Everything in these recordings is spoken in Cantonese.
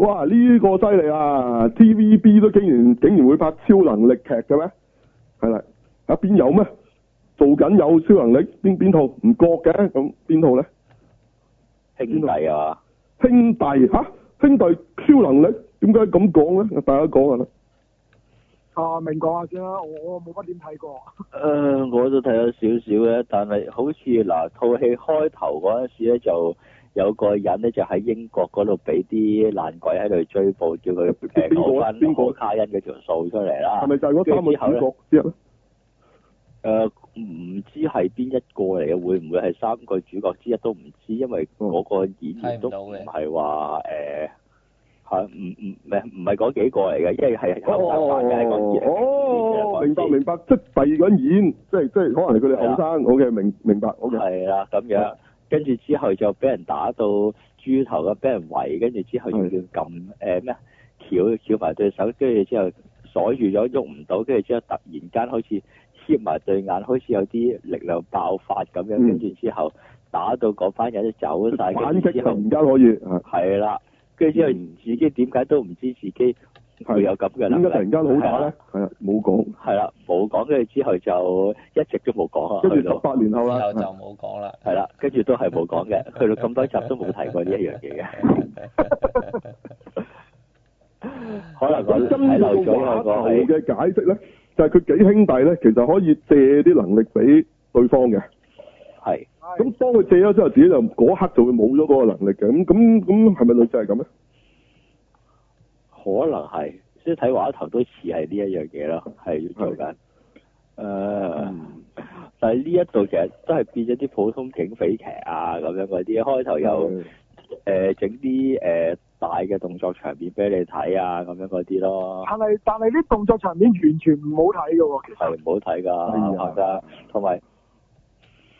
哇！呢、這個犀利啊！TVB 都竟然竟然會拍超能力劇嘅咩？係啦，啊邊有咩？做緊有超能力？邊邊套？唔覺嘅咁邊套咧？兄弟啊！兄弟吓、啊，兄弟超能力？點解咁講咧？大家講下啦。啊，明講下先，我冇乜點睇過。誒、呃，我都睇咗少少嘅，但係好似嗱，套、啊、戲開頭嗰陣時咧就。有個人咧就喺英國嗰度俾啲爛鬼喺度追捕，叫佢誒講翻卡因嗰條數出嚟啦。係咪就係嗰三個主角？誒唔知係邊一個嚟嘅？會唔會係三個主角之一後之後都唔知道，因為我個演員都唔係話誒係唔唔咩？唔係嗰幾個嚟嘅，因為係後生扮嘅嗰啲。哦，明白明白，即係嗰種演，即係即係可能係佢哋後生。好嘅，明、okay, 明白。好、okay、嘅，係咁樣。跟住之後就俾人打到豬頭咁，俾人圍。跟住之後要撳誒咩撬撬埋對手。跟住之後鎖住咗喐唔到。跟住之後突然間開始掀埋對眼，開始有啲力量爆發咁樣。跟、嗯、住之後打到嗰班人都走曬。反擊突唔加我以，係啦。跟住之後自己點解都唔知自己？會有咁嘅能力，點解突然間好打咧？係冇講，係啦，冇講。跟住之後就一直都冇講啊。跟住十八年後啦，就冇講啦。係啦，跟住都係冇講嘅，去到咁 多集都冇提過呢一樣嘢嘅。 可能我真漏咗一個好嘅解釋咧，就係佢幾兄弟咧，其實可以借啲能力俾對方嘅。係。咁當佢借咗之後，自己就嗰刻就會冇咗嗰個能力嘅。咁咁咁，係咪女仔係咁咧？可能係，即睇畫頭都似係呢一樣嘢咯，係做緊。誒、呃嗯，但係呢一度其實都係變咗啲普通警匪劇啊，咁樣嗰啲，開頭又誒整啲誒大嘅動作場面俾你睇啊，咁樣嗰啲咯。但係但係啲動作場面完全唔好睇嘅喎，其實係唔好睇㗎，同埋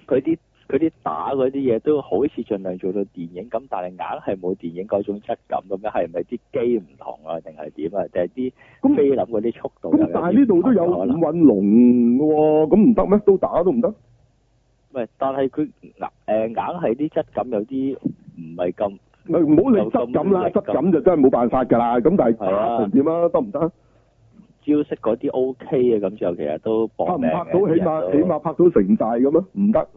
佢啲。嗰啲打嗰啲嘢都好似盡量做到電影咁，但係硬係冇電影嗰種質感咁樣，係咪啲機唔同啊，定係點啊？定係啲菲林嗰啲速度有有有？但係呢度都有五運龍嘅喎、哦，咁唔得咩？都打都唔得？唔係，但係佢硬硬係啲質感有啲唔係咁。唔好理質感啦，質感就真係冇辦法㗎啦。咁、嗯、但係打點啊？得唔得？招式嗰啲 OK 啊，咁、OK、就其實都搏命。拍唔拍到？起碼起碼拍到成大咁咯。唔得。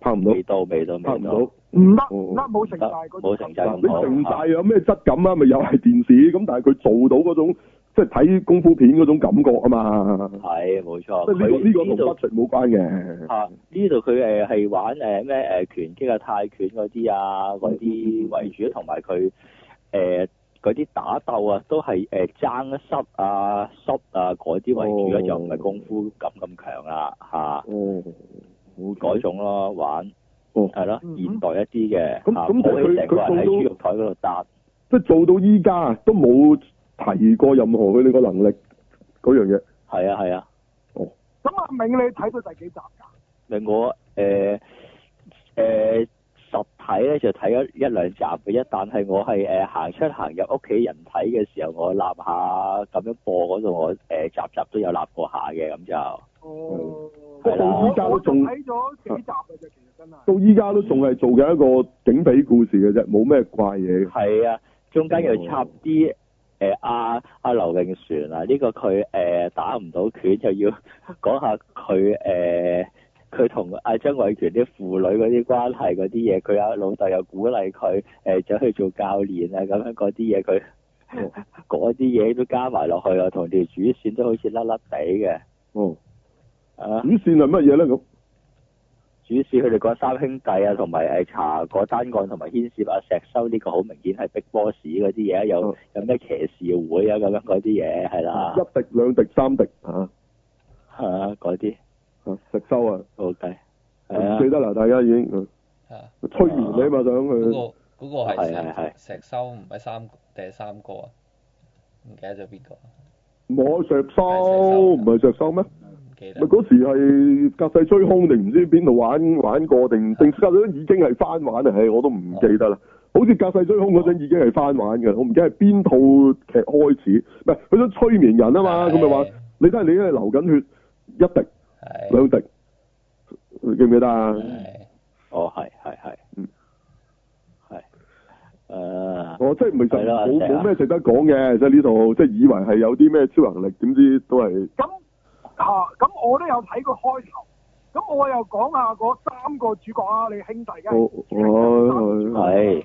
拍唔到，到，味道味道，拍唔到，到，唔得，得冇成大嗰啲質感，你成大有咩質感啊？咪又係電視咁，但係佢做到嗰種，即係睇功夫片嗰種感覺啊嘛。係，冇錯。即係呢個呢、這個同 budget 冇關嘅。吓、啊，呢度佢誒係玩誒咩誒拳擊啊、泰拳嗰啲啊，嗰啲為主，同埋佢誒嗰啲打鬥啊，都係誒爭濕啊、摔啊嗰啲為主啊，啊哦、就唔係功夫感咁強啦吓。嗯、啊。哦會改種咯、嗯，玩，係、哦、咯、嗯，現代一啲嘅。咁咁佢佢度到，即、就、係、是、做到依家都冇提過任何佢呢個能力嗰樣嘢。係啊係啊。咁阿銘，你睇到第幾集噶？明我誒誒、呃呃、實體咧就睇咗一兩集嘅一，一但係我係誒、呃、行出行入屋企人睇嘅時候，我立下咁樣播嗰度，我誒集集都有立過下嘅咁就。哦。到依家都仲睇咗幾集嘅、啊、啫，其實真係、嗯、到依家都仲係做緊一個警匪故事嘅啫，冇咩怪嘢係係啊，中間又插啲誒阿阿劉穎璇啊，呢、啊這個佢誒、呃、打唔到拳就要講下佢誒佢同阿張偉權啲父女嗰啲關係嗰啲嘢，佢、啊、老豆又鼓勵佢誒走去做教練啊，咁樣嗰啲嘢佢嗰啲嘢都加埋落去啊，同條主線都好似甩甩哋嘅。嗯。 啊，五線係乜嘢咧？咁主線佢哋講三兄弟啊，同埋誒查單、啊、個單案，同埋牽涉阿石修呢個好明顯係逼波士嗰啲嘢有、啊、有咩騎士會啊，咁樣嗰啲嘢係啦，一滴兩滴三滴啊，係啊，嗰啲石修啊，O K，係啊，記得啦，大家已經推催、啊啊、完你啊嘛，想去嗰、嗰個嗰、嗰個係石、啊啊、石修唔係三第三個啊，唔記得咗邊個，我石修唔係石修咩？嗰時係隔世追兇定唔知邊度玩玩過定定隔咗已經係翻玩啊？唉，我都唔記得啦。好似隔世追兇嗰陣已經係翻玩嘅，哦，我唔記得係邊套劇開始。唔係佢想催眠人啊嘛，咁咪話你睇下你而家係流緊血一滴兩滴，你記唔記得啊？哦，係係係，嗯，係，誒，我、呃哦、即係唔係？其實冇冇咩值得講嘅，即係呢度即係以為係有啲咩超能力，點知都係吓、啊，咁我都有睇過開頭，咁我又講下嗰三個主角啊，你兄弟嘅，係、哦，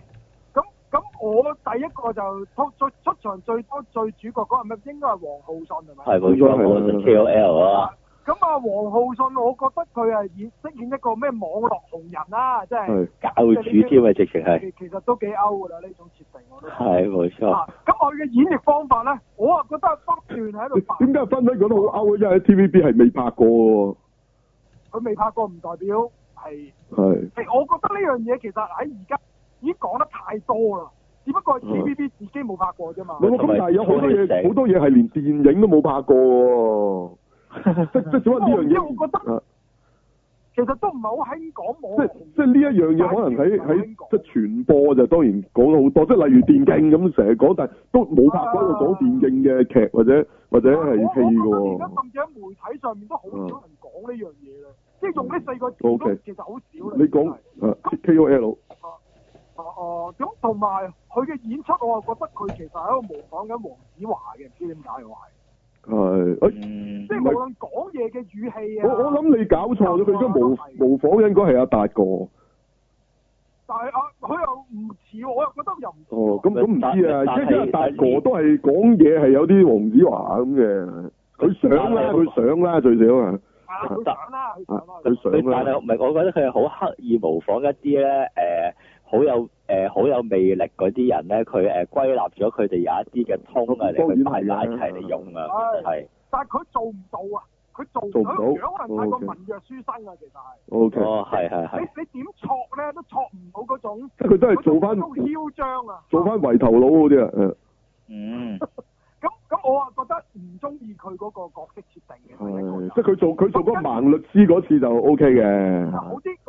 咁、哦、咁、哎、我第一個就出出場最多最主角嗰，係、那、咪、個、應該係黃浩信係咪？係冇錯，KOL 啊。咁啊，王浩信，我覺得佢啊演飾演一個咩網絡紅人啦，即係教主添啊，直情係其實都幾 out 噶啦呢種設定，我覺得係冇錯。咁佢嘅演繹方法咧，我啊覺得不斷喺度點解分身講得好 out？因為 TVB 係未拍過喎。佢未拍過唔代表係係，係我覺得呢樣嘢其實喺而家已經講得太多啦。只不過 TVB 自己冇拍過啫嘛。咁但係有好多嘢，好多嘢係連電影都冇拍過。 即即係做緊呢樣嘢，我覺得，啊、其實都唔係好興講網。即即係呢一樣嘢，可能喺喺即係傳播就當然講咗好多。即係例如電競咁，成日講，但係都冇拍過一個講、啊、電競嘅劇或者或者係戲嘅。而家甚至喺媒體上面都好少人講呢樣嘢啦。即係用呢四個字都其實好少。Okay, 你講、就是啊、K O L，哦、啊，啊咁，同埋佢嘅演出，我又覺得佢其實喺度模仿緊黃子華嘅，唔知點解話。係，即、欸、係、嗯、無論講嘢嘅語氣啊，我我諗你搞錯咗，佢、啊、都模模仿應該係阿達哥，但係阿佢又唔似，我又覺得又唔，哦，咁咁唔知啊，即係即係達哥都係講嘢係有啲黃子華咁嘅，佢想啦，佢想啦最少啦啦啊，啦，佢、啊、想、啊想。但係唔係，我覺得佢係好刻意模仿一啲咧，誒、呃。好有誒，好、呃、有魅力嗰啲人咧，佢誒、呃、歸納咗佢哋有一啲嘅通啊嚟，係拉齊嚟用啊，係、就係。但係佢做唔到啊！佢做佢樣樣都好可能太過文弱書生啊，其實係。O、okay. K、okay. 哦，係係你你點挫咧，都挫唔到嗰種。即係佢都係做翻好囂張啊！做翻圍頭腦嗰啲啊，嗯。嗯 咁咁，我啊覺得唔中意佢嗰個角色設定嘅。即係佢做佢做嗰個盲律師嗰次就 O K 嘅。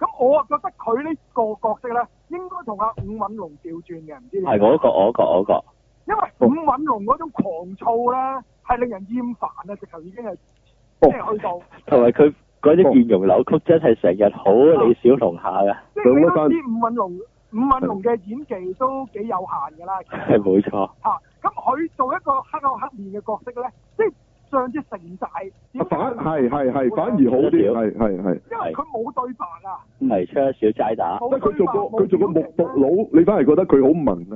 咁我啊覺得佢呢個角色咧，應該同阿伍允龍調轉嘅，唔知係我一個我一個我一個，因為伍允龍嗰種狂躁咧，係、哦、令人厭煩啊！直頭已經係、哦、即係去到，同埋佢嗰啲面容扭曲真係成日好李小龍下噶，即、哦、係、嗯就是、你都知伍允龍、嗯、伍允龍嘅演技都幾有限㗎啦，係冇錯嚇。咁、啊、佢做一個黑口黑，黑面嘅角色咧，即係。上啲城寨，啊，反係係係反而好啲，係係係，因為佢冇對白啊，咪出一仔打，即係佢做個佢做個木木佬，你反而覺得佢好萌啊，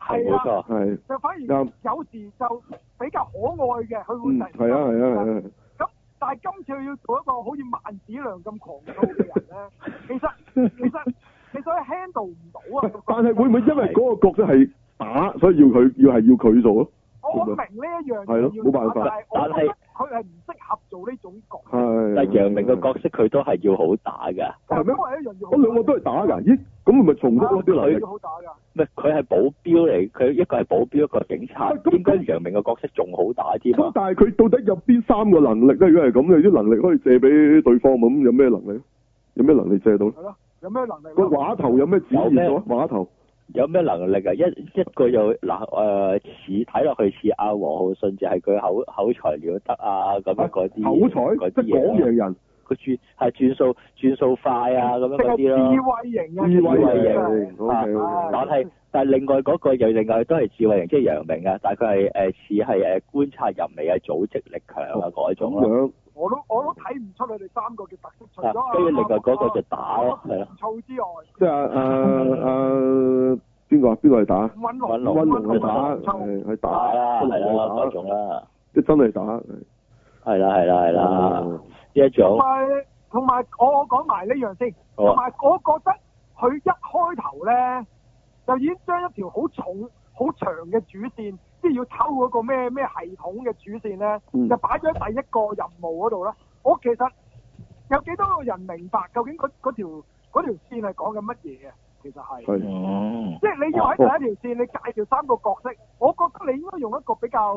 係冇、啊、錯，係就反而有時就比較可愛嘅，佢、嗯、會係啊係啊係啊，咁、啊啊啊啊、但係今次佢要做一個好似萬子良咁狂躁嘅人咧， 其實 其實其實 handle 唔到啊，但係會唔會因為嗰個角色係打是，所以要佢要係要佢做咯？我明呢、係咯、一樣要打。但係佢係唔適合做呢種角。係。但係楊明嘅角色佢都係要好打㗎。頭先我話啲人要好，我兩個都係打㗎。咦？咁係咪重複啲女？佢好打㗎。唔係？佢係保鏢嚟，佢一個係保鏢，一個係警察。點解楊明嘅角色仲好打添？咁但係佢到底有邊三個能力咧？如果係咁，有啲能力可以借俾對方咁，有咩能力？有咩能力借到？係咯。有咩能力？個話頭有咩指意咗？話頭。有咩能力啊？一一個又嗱誒似睇落去似阿黃、啊、浩信就係佢口口才了得啊咁樣嗰啲、啊，口才嗰啲嘢，即係講樣人。佢轉係轉數轉數快啊咁樣嗰啲咯。智慧型啊！智慧型，我係我但係但係另外嗰個又另外都係智慧型，即係楊明啊。但係佢係誒似係誒觀察入微啊，組織力強啊嗰、哦、種咯、啊。我都我都睇唔出佢哋三個嘅特色，除咗啊，跟住另外嗰個就打咯、啊，係、啊、啦，除咗唔錯之外，即係啊是啊邊個啊邊個係打，溫龍，溫龍係打，係係打啦，係啦，嗰種啦，即係真係打，係啦係啦係啦，一早同埋同埋我我講埋呢樣先，同埋、啊、我覺得佢一開頭咧就已經將一條好重好長嘅主線。即係要抽嗰個咩咩系統嘅主線咧，就擺咗喺第一個任務嗰度啦。我其實有幾多個人明白究竟嗰嗰條嗰條線係講緊乜嘢啊？其實係，即係你要喺第一條線，你介紹三個角色。我覺得你應該用一個比較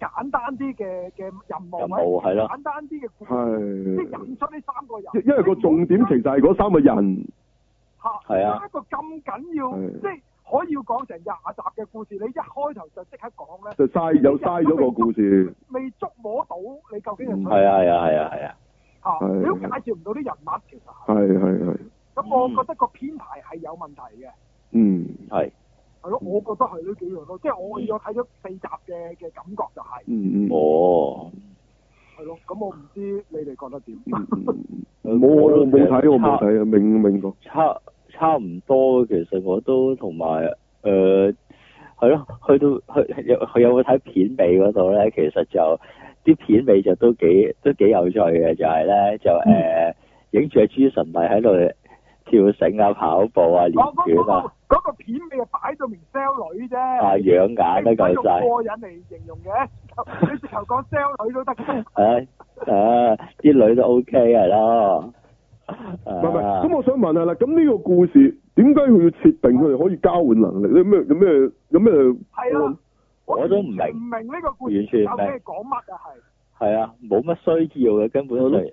簡單啲嘅嘅任務，簡單啲嘅故事，即係引出呢三個人。因為個重點其實係嗰三個人，係啊，一個咁緊要，即係。可以講成廿集嘅故事，你一開頭就即刻講咧，就嘥又嘥咗個故事，未捉摸到你究竟係，係啊係啊係啊係啊，吓，你都介紹唔到啲人物，其實係係係，咁我覺得個編排係有問題嘅，嗯係，係咯，我覺得係呢幾樣咯，即係我有睇咗四集嘅嘅感覺就係，嗯嗯哦，係咯，咁我唔知你哋覺得點？冇我冇睇我冇睇啊，明唔明覺？差唔多，其實我都同埋誒係咯，去到去有佢有冇睇片尾嗰度咧？其實就啲片尾就都幾都幾有趣嘅，就係、是、咧就誒影住阿朱神弟喺度跳繩啊、跑步啊、連卷嗰、啊哦那個嗰、那個片尾就明啊，擺到明 sell 女啫，啊養眼啊夠曬過癮嚟形容嘅，你直頭講 sell 女都得，係係啲女都 OK 係咯。唔係，咁我想問下啦，咁呢個故事點解佢要設定佢哋可以交換能力咧？咩有咩有咩？係啊，我都唔明呢個故事究竟講乜啊？係係啊，冇乜需要嘅，根本都、嗯、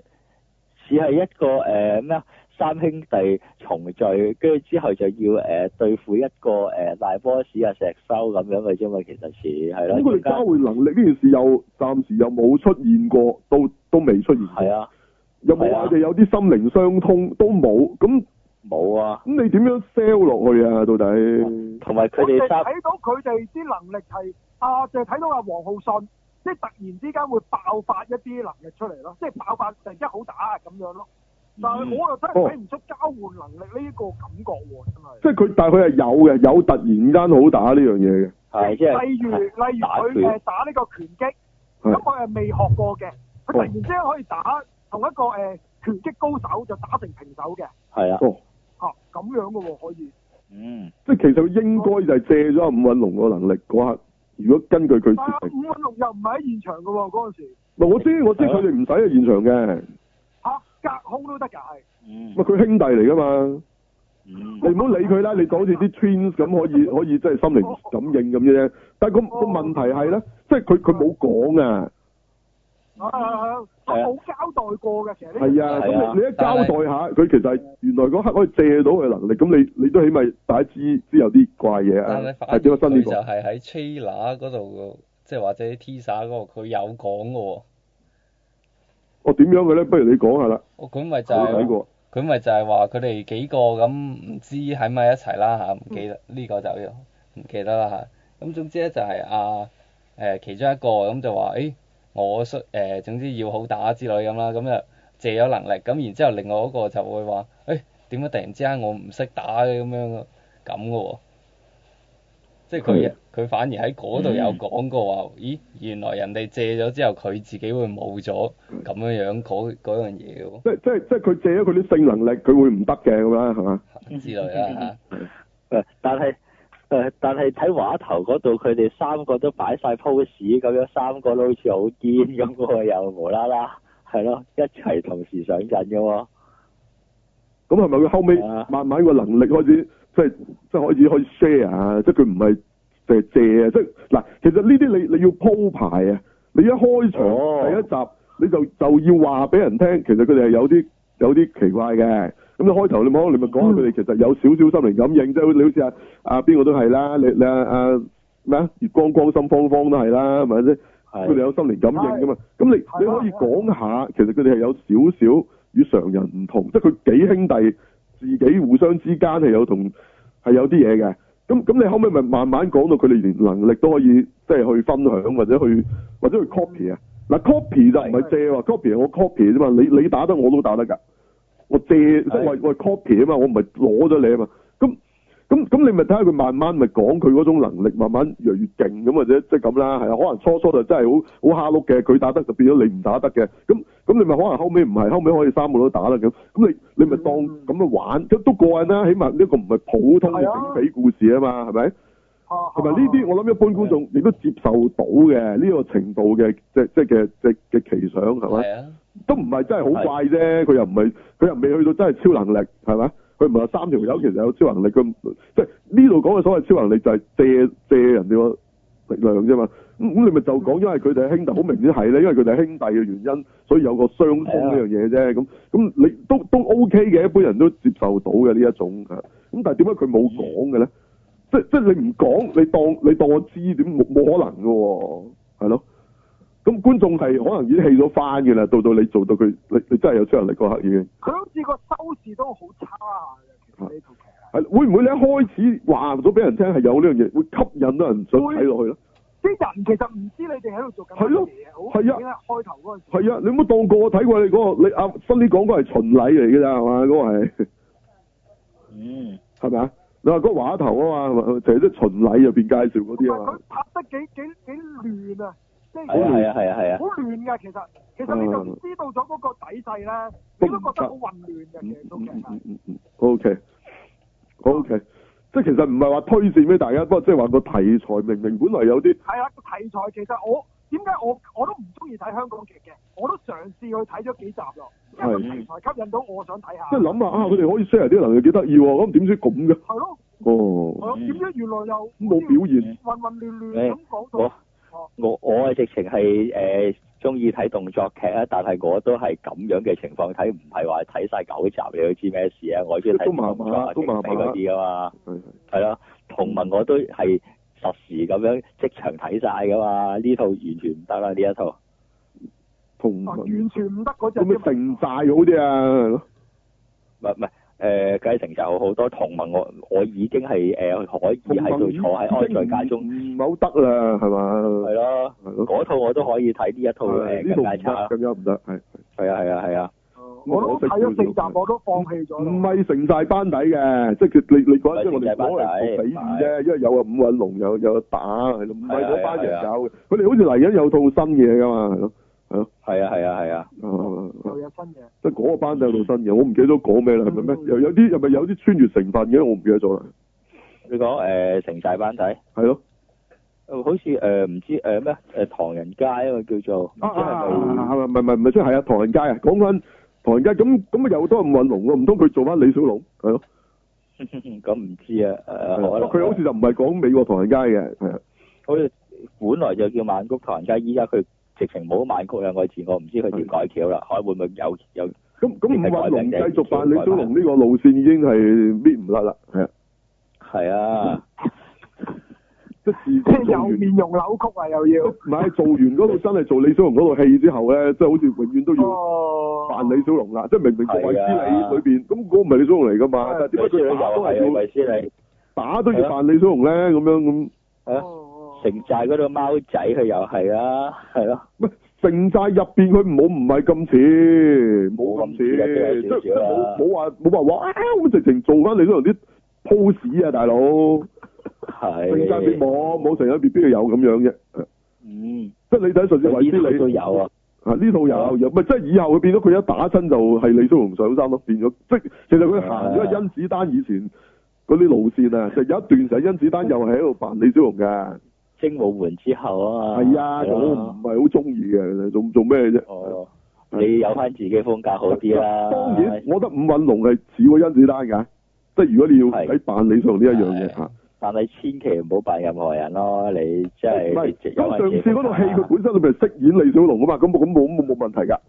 只係一個誒咩啊三兄弟重聚，跟住之後就要誒、呃、對付一個誒、呃、大 boss 啊石修咁樣嘅啫嘛。其實似係啦，咁佢哋交換能力呢件事又暫時又冇出現過，都都未出現。係啊。有冇話佢哋有啲心靈相通都冇咁冇啊？咁、啊、你點樣 sell 落去啊？到底同埋佢哋睇到佢哋啲能力係、啊、就鄭、是、睇到阿王浩信，即、就、係、是、突然之間會爆發一啲能力出嚟咯，即、就、係、是、爆發突然間好打咁樣咯。但係我又真係睇唔出交換能力呢個感覺喎，真係。即係佢，但係佢係有嘅，有突然間好打呢樣嘢嘅。係即係例如例如佢誒打呢個拳擊，咁我係未學過嘅，佢突然之間可以打。哦同一個誒拳擊高手就打成平手嘅，係啊，吓咁樣嘅喎可以，嗯，即係其實應該就係借咗阿伍允龍個能力嗰刻，如果根據佢設定，伍允龍又唔係喺現場嘅，嗰陣時我知我知佢哋唔使喺現場嘅，吓隔空都得噶係，嗯，咪佢兄弟嚟噶嘛，嗯，你唔好理佢啦，你就好似啲 twins 咁可以可以即係心靈感應咁啫，但係個個問題係咧，即係佢佢冇講啊。啊！我冇交代過嘅，其實係啊，咁、嗯啊嗯啊嗯、你一交代一下，佢其實原來嗰刻可以借到嘅能力，咁你你都起碼大致知有啲怪嘢、哦、啊！係點啊？新嘢就係喺 c h a n e 嗰度，即係或者 Tisa 嗰個，佢有講嘅喎。哦，點樣嘅咧？不如你講下啦。我睇過。佢、啊、咪就係話佢哋幾個咁唔知喺咪一齊啦嚇？唔、嗯啊、記得呢、呢個就唔記得啦嚇。咁總之咧就係啊誒，其中一個咁就話誒。哎我衰誒，總之要好打之類咁啦，咁就借咗能力，咁然之後另外一個就會話誒，點解突然之間我唔識打嘅咁樣咯，咁嘅喎。即係佢佢反而喺嗰度有講過話、嗯，咦原來人哋借咗之後，佢自己會冇咗咁樣樣嗰嗰樣嘢喎，即即即係佢借咗佢啲性能力，佢會唔得嘅咁啦，係嘛、嗯？之類啦 但係。但係睇畫頭嗰度，佢哋三個都擺晒 pose 咁樣，三個都好似好堅咁，嗰 又無啦啦，係咯，一齊同時上陣嘅。咁係咪佢後尾慢慢個能力開始，即係即係開始去 share 啊？即係佢唔係借借啊？即係嗱，其實呢啲你你要鋪排啊！你一開場第一集，你就就要話俾人聽，其實佢哋係有啲有啲奇怪嘅。咁一開頭你冇，你咪講佢哋其實有少少心靈感應、嗯、即你好似啊，阿邊個都係啦，你你啊咩啊？月光光心慌慌都係啦，係咪先？佢哋有心靈感應噶嘛？咁你你可以講下，其實佢哋係有少少與常人唔同，即係佢幾兄弟自己互相之間係有同係有啲嘢嘅。咁咁你後尾咪慢慢講到佢哋連能力都可以即係、就是、去分享，或者去或者去 copy、嗯、啊？嗱，copy 就唔係借喎，copy 係我 copy 啫嘛。你你打得我都打得㗎。我借、即係、我我 copy 啊嘛，我唔係攞咗你啊嘛。咁咁咁你咪睇下佢，慢慢咪講佢嗰種能力慢慢越嚟越勁咁，或者即係咁啦，係、就、啊、是。可能初初就真係好好蝦碌嘅，佢打得就變咗你唔打得嘅。咁咁你咪可能後尾唔係後尾可以三個都打啦咁。咁你你咪當咁去玩，都、嗯、都過癮啦。起碼呢個唔係普通嘅警匪故事啊嘛，係咪、啊？同埋呢啲？係咪我諗一般觀眾亦都接受到嘅呢個程度嘅即即嘅即嘅奇想，係咪、啊？都唔係真係好怪啫。佢、啊、又唔係佢又未去到真係超能力係咪？佢唔係話三條友其實有超能力，佢即係呢度講嘅所謂超能力就係借借人哋個力量啫嘛。咁咁你咪就講，因為佢哋係兄弟，好明顯係咧。因為佢哋係兄弟嘅原因，所以有個相通呢樣嘢啫。咁、這、咁、個、你都都 OK 嘅，一般人都接受到嘅呢一種。咁但係點解佢冇講嘅咧？即即你唔講，你當你當我知點，冇冇可能㗎喎，係咯？咁、嗯、觀眾係可能已經氣咗翻嘅啦，到到你做到佢，你你真係有出人力嗰刻已經。佢好似個收視都好差嘅，呢套劇係會唔會你一開始話咗俾人聽係有呢樣嘢，會吸引到人想睇落去咯？啲人其實唔知你哋喺度做緊乜嘢，好係啊！開頭嗰陣時係啊！你冇當過我睇過你嗰、那、啊、個！你阿分你講嗰係巡禮嚟嘅咋係嘛？嗰、那個係嗯係嘛？你話個話頭啊嘛，就係、是、啲巡禮入邊介紹嗰啲啊，佢拍得幾幾幾亂啊，即係好亂啊，係啊係啊好、啊、亂啊，其實。其實你就知道咗嗰個底細啦、嗯，你都覺得好混亂嘅、嗯嗯嗯嗯，其實都、嗯嗯嗯 OK, 嗯、OK, OK, 其實。O K O K，即係其實唔係話推薦俾大家，不過即係話個題材明明本來有啲。係啊，個題材其實我。點解我我都唔中意睇香港劇嘅？我都嘗試去睇咗幾集咯，因為平台吸引到我想睇下。即係諗下啊，佢哋可以 share 啲能力幾得意，咁點知咁嘅？係咯。哦。點、嗯、解原來又冇表現？混混亂亂咁講到。我我係直情係誒中意睇動作劇啊，但係我都係咁樣嘅情況睇，唔係話睇晒九集你都知咩事啊？我中意睇動作啊嗰啲啊嘛。係啦，同埋我都係。實時咁樣即場睇晒噶嘛？呢套完全唔得啦，呢一套。同完全唔得嗰隻。咁咪城寨好啲啊？唔係唔係，誒，好、呃、好多同盟我我已經係誒、呃、可以喺度坐喺安在界中唔好得啦，係嘛？係咯，嗰套我都可以睇呢一套誒，咁樣唔得，係係啊係啊係啊。我都睇咗四集，我都放棄咗。唔係城寨班底嘅，即係佢你你嗰即係我哋講嚟做比喻啫，因為有啊伍允龍，有有打係咯，唔係嗰班人搞嘅。佢哋、啊啊啊啊、好似嚟緊有套新嘢㗎嘛，係咯，係咯。係啊係啊係啊。又、啊啊啊啊啊啊、有新嘢。即係嗰個班底有套新嘢，我唔記得咗講咩啦，係咪咩？又有啲係咪有啲穿越成分嘅？我唔記得咗啦。你講誒城寨班底。係咯、啊呃。好似誒唔知誒咩誒唐人街啊嘛叫做係咪？啊啊啊！係咪咪咪唔係即係啊唐人街啊講緊。唐人街咁咁啊又多伍允龍喎，唔通佢做翻李小龍係咯？咁唔知啊，佢、 呃啊、好似就唔係講美國唐人街嘅，好似、啊、本來就叫曼谷唐人街，依家佢直情冇曼谷兩個字，我唔知佢點改橋啦，可、啊、會唔會有又咁咁伍允龍繼續扮李小龍呢個路線已經係搣唔甩啦，係啊，係啊。 即係有面容扭曲啊！又要唔 係做完嗰套真係做李小龍嗰套戲之後咧、哦，即係好似永遠都要扮李小龍啦！即係明明做衛斯理裏邊，咁嗰個唔係李小龍嚟噶嘛？點解佢又都係做衛斯理？打都要扮李小龍咧，咁樣咁。哦，城寨嗰度貓仔佢又係啊，係咯。唔係城寨入邊佢唔好唔係咁似，冇咁似，即係即係冇冇話冇辦法話啊！我直情做翻李小龍啲 pose 啊，大佬。係變晒變模，冇成日必變又有咁樣啫。嗯，即係李仔上次為啲你，呢套都有啊，呢、啊、套有，唔、啊、係即係以後會變咗佢一打親就係李小龍上山咯，變咗即其實佢行咗個甄子丹以前嗰啲路線啊，就有一段時甄子丹又係喺度扮李小龍噶。精武門之後啊嘛，係啊，做唔係好中意嘅，做做咩啫、哦？你有翻自己的風格好啲啦。啊啊、當然，我覺得伍允龍係似過甄子丹噶，即係、啊、如果你要喺扮李小龍呢一樣嘢但係千祈唔好扮任何人咯，你即係唔係？咁上次嗰套戲佢本身佢咪飾演李小龍啊嘛？咁咁冇冇冇問題噶？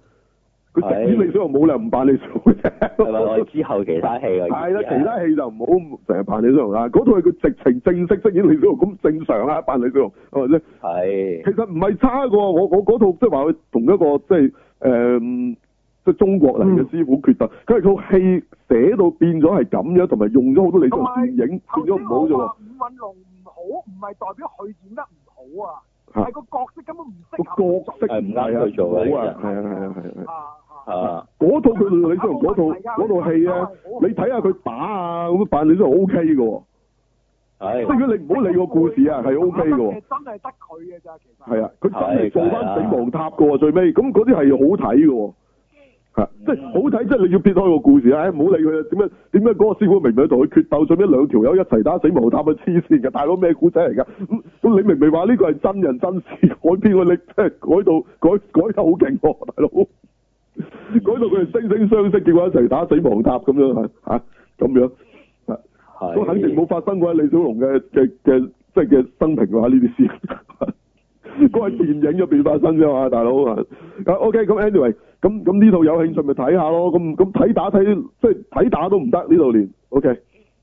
佢飾演李小龍冇理由唔扮李小龍。或者 之後其他戲，係啦，其他戲就唔好成日扮李小龍啦。嗰套佢直情正式飾演李小龍，咁正常啦，啊，扮李小龍係咪？係，其實唔係差噶我我嗰套即係話佢同一個即係誒。嗯即係中國人嘅師傅決定，佢係套戲寫到變咗係咁樣，同埋用咗好多李小龍影，變咗唔好咋。唔五文龍唔好，唔係代表佢演得唔好啊，係、啊、個角色根本唔適合。個角色唔啱佢做啊，係啊係啊係啊。啊啊！嗰、啊啊、套佢李小龍，嗰、啊、套嗰套戲咧，你睇下佢打啊咁，扮李小龍 O K 噶。係，即係如果你唔好理個故事啊，係 O K 噶。真係得佢嘅咋，其實。係啊，佢真係做翻死亡塔噶喎、啊，最尾咁嗰啲係好睇噶。即係好睇，即係你要撇開個故事啊！哎、唔好理佢點解點解，嗰個師傅明唔明同佢決鬥？最屘兩條友一齊打死亡塔咪黐線嘅，大佬咩古仔嚟噶？你明明話呢個係真人真事改邊個你即係改到改改得好勁喎，大佬！改到佢哋惺惺相惜，結果一齊打死亡塔咁樣、啊、咁樣、啊，都肯定冇發生過喺李小龍嘅嘅嘅，即係嘅生平嘅話呢啲事。 嗰個電影入邊發生啫嘛，大佬啊。啊，OK，咁 anyway，咁咁呢度有興趣咪睇下咯。咁咁睇打睇即係睇打都唔得呢度連。OK，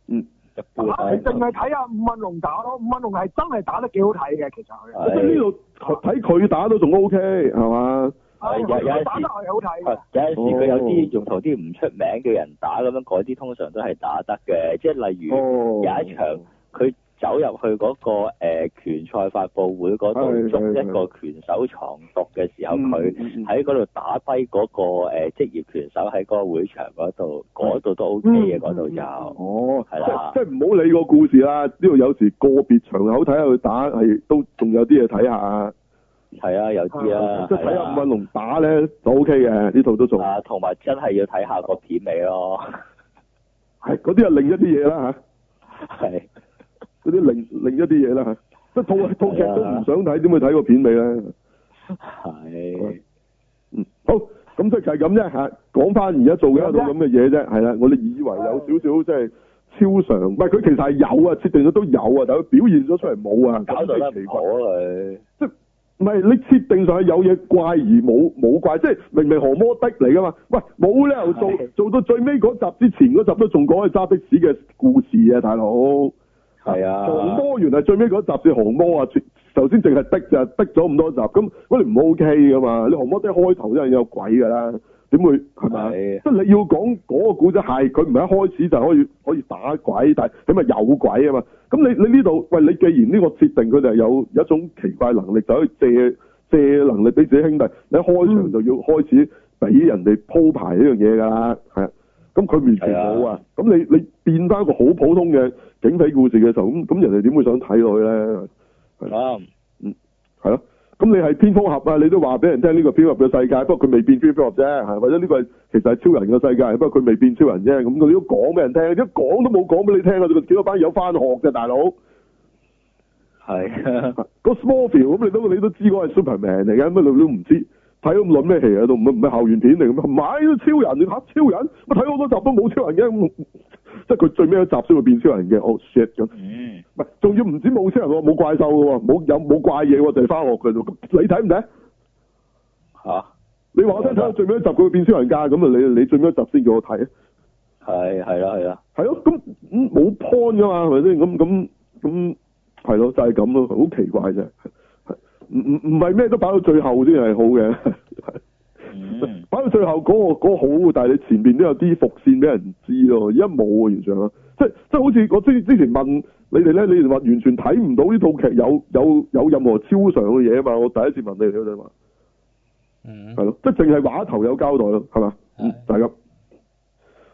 嗯，一部睇。淨係睇阿吳文龍打咯，吳文龍係真係打得幾好睇嘅，其實佢。即係呢度睇佢打都仲 OK，係嘛？係有有陣時。係有陣時佢有啲用頭啲唔出名嘅人打咁樣，嗰啲通常都係打得嘅。即係例如有一場佢。走入去嗰、那個誒、呃、拳賽發布會嗰度，捉一個拳手藏毒嘅時候，佢喺嗰度打低嗰、那個誒職、呃、業拳手喺個會場嗰度，嗰度都 O K 嘅，嗰度有。哦，係啦，即係唔好理個故事啦，呢度有時個別場口睇下佢打，係都仲有啲嘢睇下。係啊，有啲啊，即睇下伍允龍打咧都 O K 嘅，呢套都仲。啊，同埋、OK 啊、真係要睇下那個片尾咯。係， 嗰啲係另一啲嘢啦吓。係、啊。啲另另一啲嘢啦嚇，即套套劇都唔想睇，點會睇個片尾咧？係，嗯，好，咁即係咁啫嚇。講翻而家做嘅到咁嘅嘢啫，係啦。我哋以為有少少、哎、即係超常，唔係佢其實係有啊，設定咗都有啊，但係佢表現咗出嚟冇啊。搞到拉果條你，即係唔係你設定上係有嘢怪而冇冇怪，即係明明河魔的嚟噶嘛？喂，冇理由，做做到最尾嗰集之前嗰集都仲講係揸的士嘅故事啊，大佬。係啊，降魔原來最尾嗰集是降魔啊，頭先淨係逼就逼咗咁多集，咁喂你唔 OK 噶嘛？你降魔啲開頭都已有鬼噶啦，點會係咪、啊、即係你要講嗰個古仔係，佢唔係一開始就可以可以打鬼，但係你咪有鬼啊嘛？咁你你呢度喂，你既然呢個設定佢哋係有一種奇怪能力，就可以借借能力俾自己兄弟，你一開場就要開始俾人哋鋪排呢樣嘢噶啦，係、嗯。咁佢完全冇啊！咁、啊、你你變翻一個好普通嘅警匪故事嘅時候，咁咁人哋點會想睇佢咧？嗯，係咯、啊。咁你係蝙蝠俠啊？你都話俾人聽呢、這個蝙蝠嘅世界，不過佢未變蝙蝠俠啫。係、啊、或者呢個其實係超人嘅世界，不過佢未變超人啫。咁佢都講俾人聽，一講都冇講俾你聽啊！仲有幾多班友翻學嘅大佬？係、啊、那個 Smallville 咁你都你都知嗰個係 Superman 嚟嘅，乜你都唔知？睇咁諗咩戲喺都唔係唔係校園片嚟？唔係超人？你吓超人？我睇好多集都冇超人嘅，即係佢最尾一集先會變超人嘅。哦、oh, shit 咁、嗯，唔係仲要唔止冇超人喎，冇怪獸嘅，冇有冇怪嘢，就係翻學嘅。咁你睇唔睇？吓，你話、啊、我聽睇最尾一集佢變超人㗎咁啊！你你最尾一集先叫我睇啊！係係啦係啦，係咯咁冇 point 噶嘛？係咪先？咁咁咁係咯，就係咁咯，好奇怪啫。唔唔係咩都擺到最後先係好嘅，擺到最後嗰個嗰個好，但係你前面都有啲伏線俾人知咯，而家冇啊，完全咯，即係即係好似我之之前問你哋咧，你哋話完全睇唔到呢套劇有有有任何超常嘅嘢啊嘛，我第一次問你哋你嗯，係、mm. 咯，即係淨係話頭有交代咯，係嘛，yeah. 嗯，就係咁，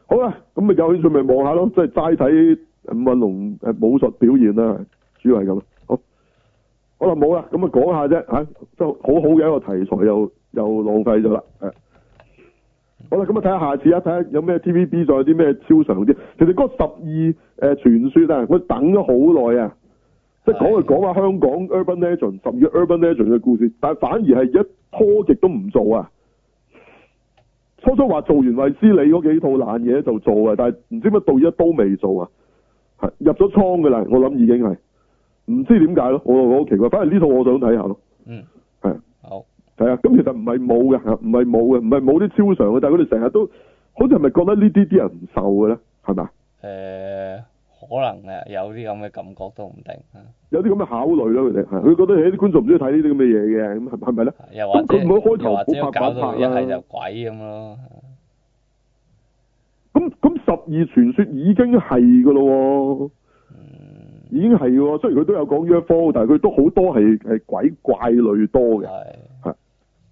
好啦，咁有興趣咪望下咯，即係齋睇五運龍誒武術表現啦，主要係咁。好啦，冇啦，咁啊講下啫吓，即好好嘅一個題材，又又浪費咗啦。誒，好啦，咁啊睇下下次啊，睇下有咩 T V B 仲有啲咩超常啲。其實嗰十二誒傳說咧，我等咗好耐啊，即係講嚟講啊，就係、香港 Urban Legend 十月 Urban Legend 嘅故事，但係反而係一拖極都唔做啊。初初話做完衛斯理嗰幾套爛嘢就做啊，但係唔知乜到而家都未做啊，係入咗倉嘅啦，我諗已經係。唔知點解咯，我我好奇怪，反而呢套我想睇下咯。嗯。係。好。係啊，咁其實唔係冇嘅，唔係冇嘅，唔係冇啲超常嘅，但係佢哋成日都好似係咪覺得呢啲啲人唔受嘅咧？係咪啊？誒，可能啊，有啲咁嘅感覺都唔定，有啲咁嘅考慮咯，係佢覺得誒啲觀眾唔中意睇呢啲咁嘅嘢嘅，咁係咪咧？又或者，開頭又或者搞到一係就鬼咁咯。咁咁十二傳說已經係㗎咯喎。嗯已經係，雖然佢都有講 UFO，但係佢都好多係係鬼怪類多嘅。係，吓，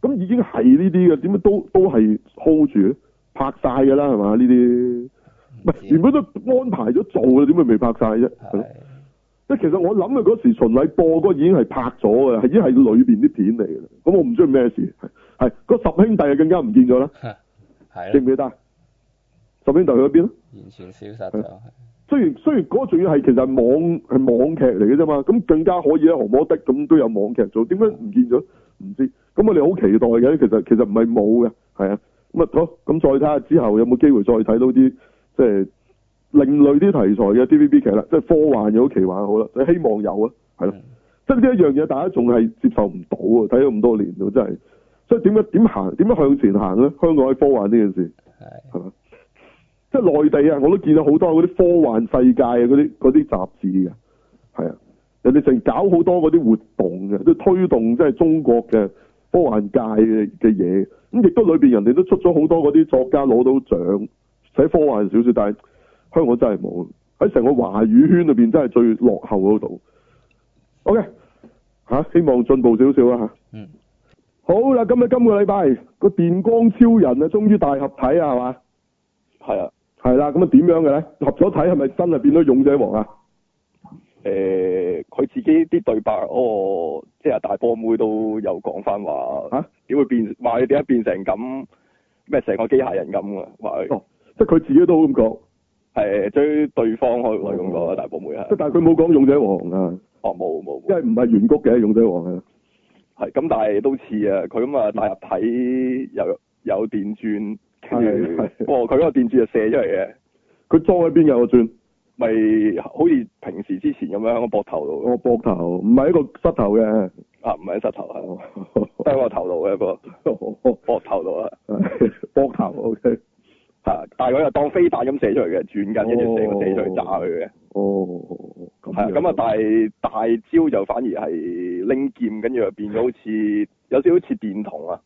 咁已經係呢啲嘅，點解都都係 hold 住，拍晒嘅啦，係嘛呢啲？係，原本都安排咗做嘅，點解未拍晒啫？即係其實我諗佢嗰時巡禮播嗰個已經係拍咗嘅，係已經係裏邊啲片嚟嘅。咁我唔知係咩事，係、嗰個十兄弟更加唔見咗啦，記 唔記得？十兄弟去咗邊？完全消失咗。雖然雖然嗰仲要係其實係網係網劇嚟嘅啫嘛，咁更加可以喺何魔的咁都有網劇做，點解唔見咗？唔知，咁我哋好期待嘅，其實其實唔係冇嘅，係啊，咁啊好，咁再睇下之後有冇機會再睇到啲即係另類啲題材嘅 TVB 劇啦，即係科幻又好奇幻好啦，即係希望有啊，係咯，即係呢一樣嘢，大家仲係接受唔到啊！睇咗咁多年，真係所以點樣點行？點樣向前行咧？香港喺科幻呢件事係嘛？即係內地啊，我都見到好多嗰啲科幻世界嘅嗰啲嗰啲雜誌嘅，係啊，人哋成搞好多嗰啲活動嘅，都推動即係中國嘅科幻界嘅嘅嘢。咁、嗯、亦都裏面人哋都出咗好多嗰啲作家攞到獎，寫科幻小説。但係香港真係冇喺成個華語圈裏面真係最落後嗰度。OK，嚇、啊、希望進步少少啦嚇。嗯。好啦，今日今個禮拜個電光超人啊，終於大合體啊，係嘛？係啊。係啦，咁啊點樣嘅咧？合咗睇係咪真係變咗勇者王啊？誒、呃，佢自己啲對白，哦，即係大波妹都有講翻話吓，點、啊、會變？話佢點解變成咁？咩成個機械人咁啊？話、哦、即係佢自己都咁講，係、嗯、追對方可以咁講啊，大波妹啊。但係佢冇講勇者王啊。哦，冇冇。因為唔係圓谷嘅勇者王啊。係，咁但係都似啊，佢咁啊大入體有有電鑽。係，佢嗰、哦、個電子就射出嚟嘅，佢裝喺邊有個轉？咪好似平時之前咁樣喺個膊頭度，個、哦、膊頭唔係一個膝頭嘅，啊，唔係喺膝頭啊，喺個頭度嘅，個膊膊頭度啊，膊頭，O K，吓，但係佢又當飛彈咁射出嚟嘅，轉緊，跟住射射出去炸佢嘅。哦，係，咁、哦哦、啊，大大招就反而係拎劍，跟住變咗好似 有啲好似電筒啊。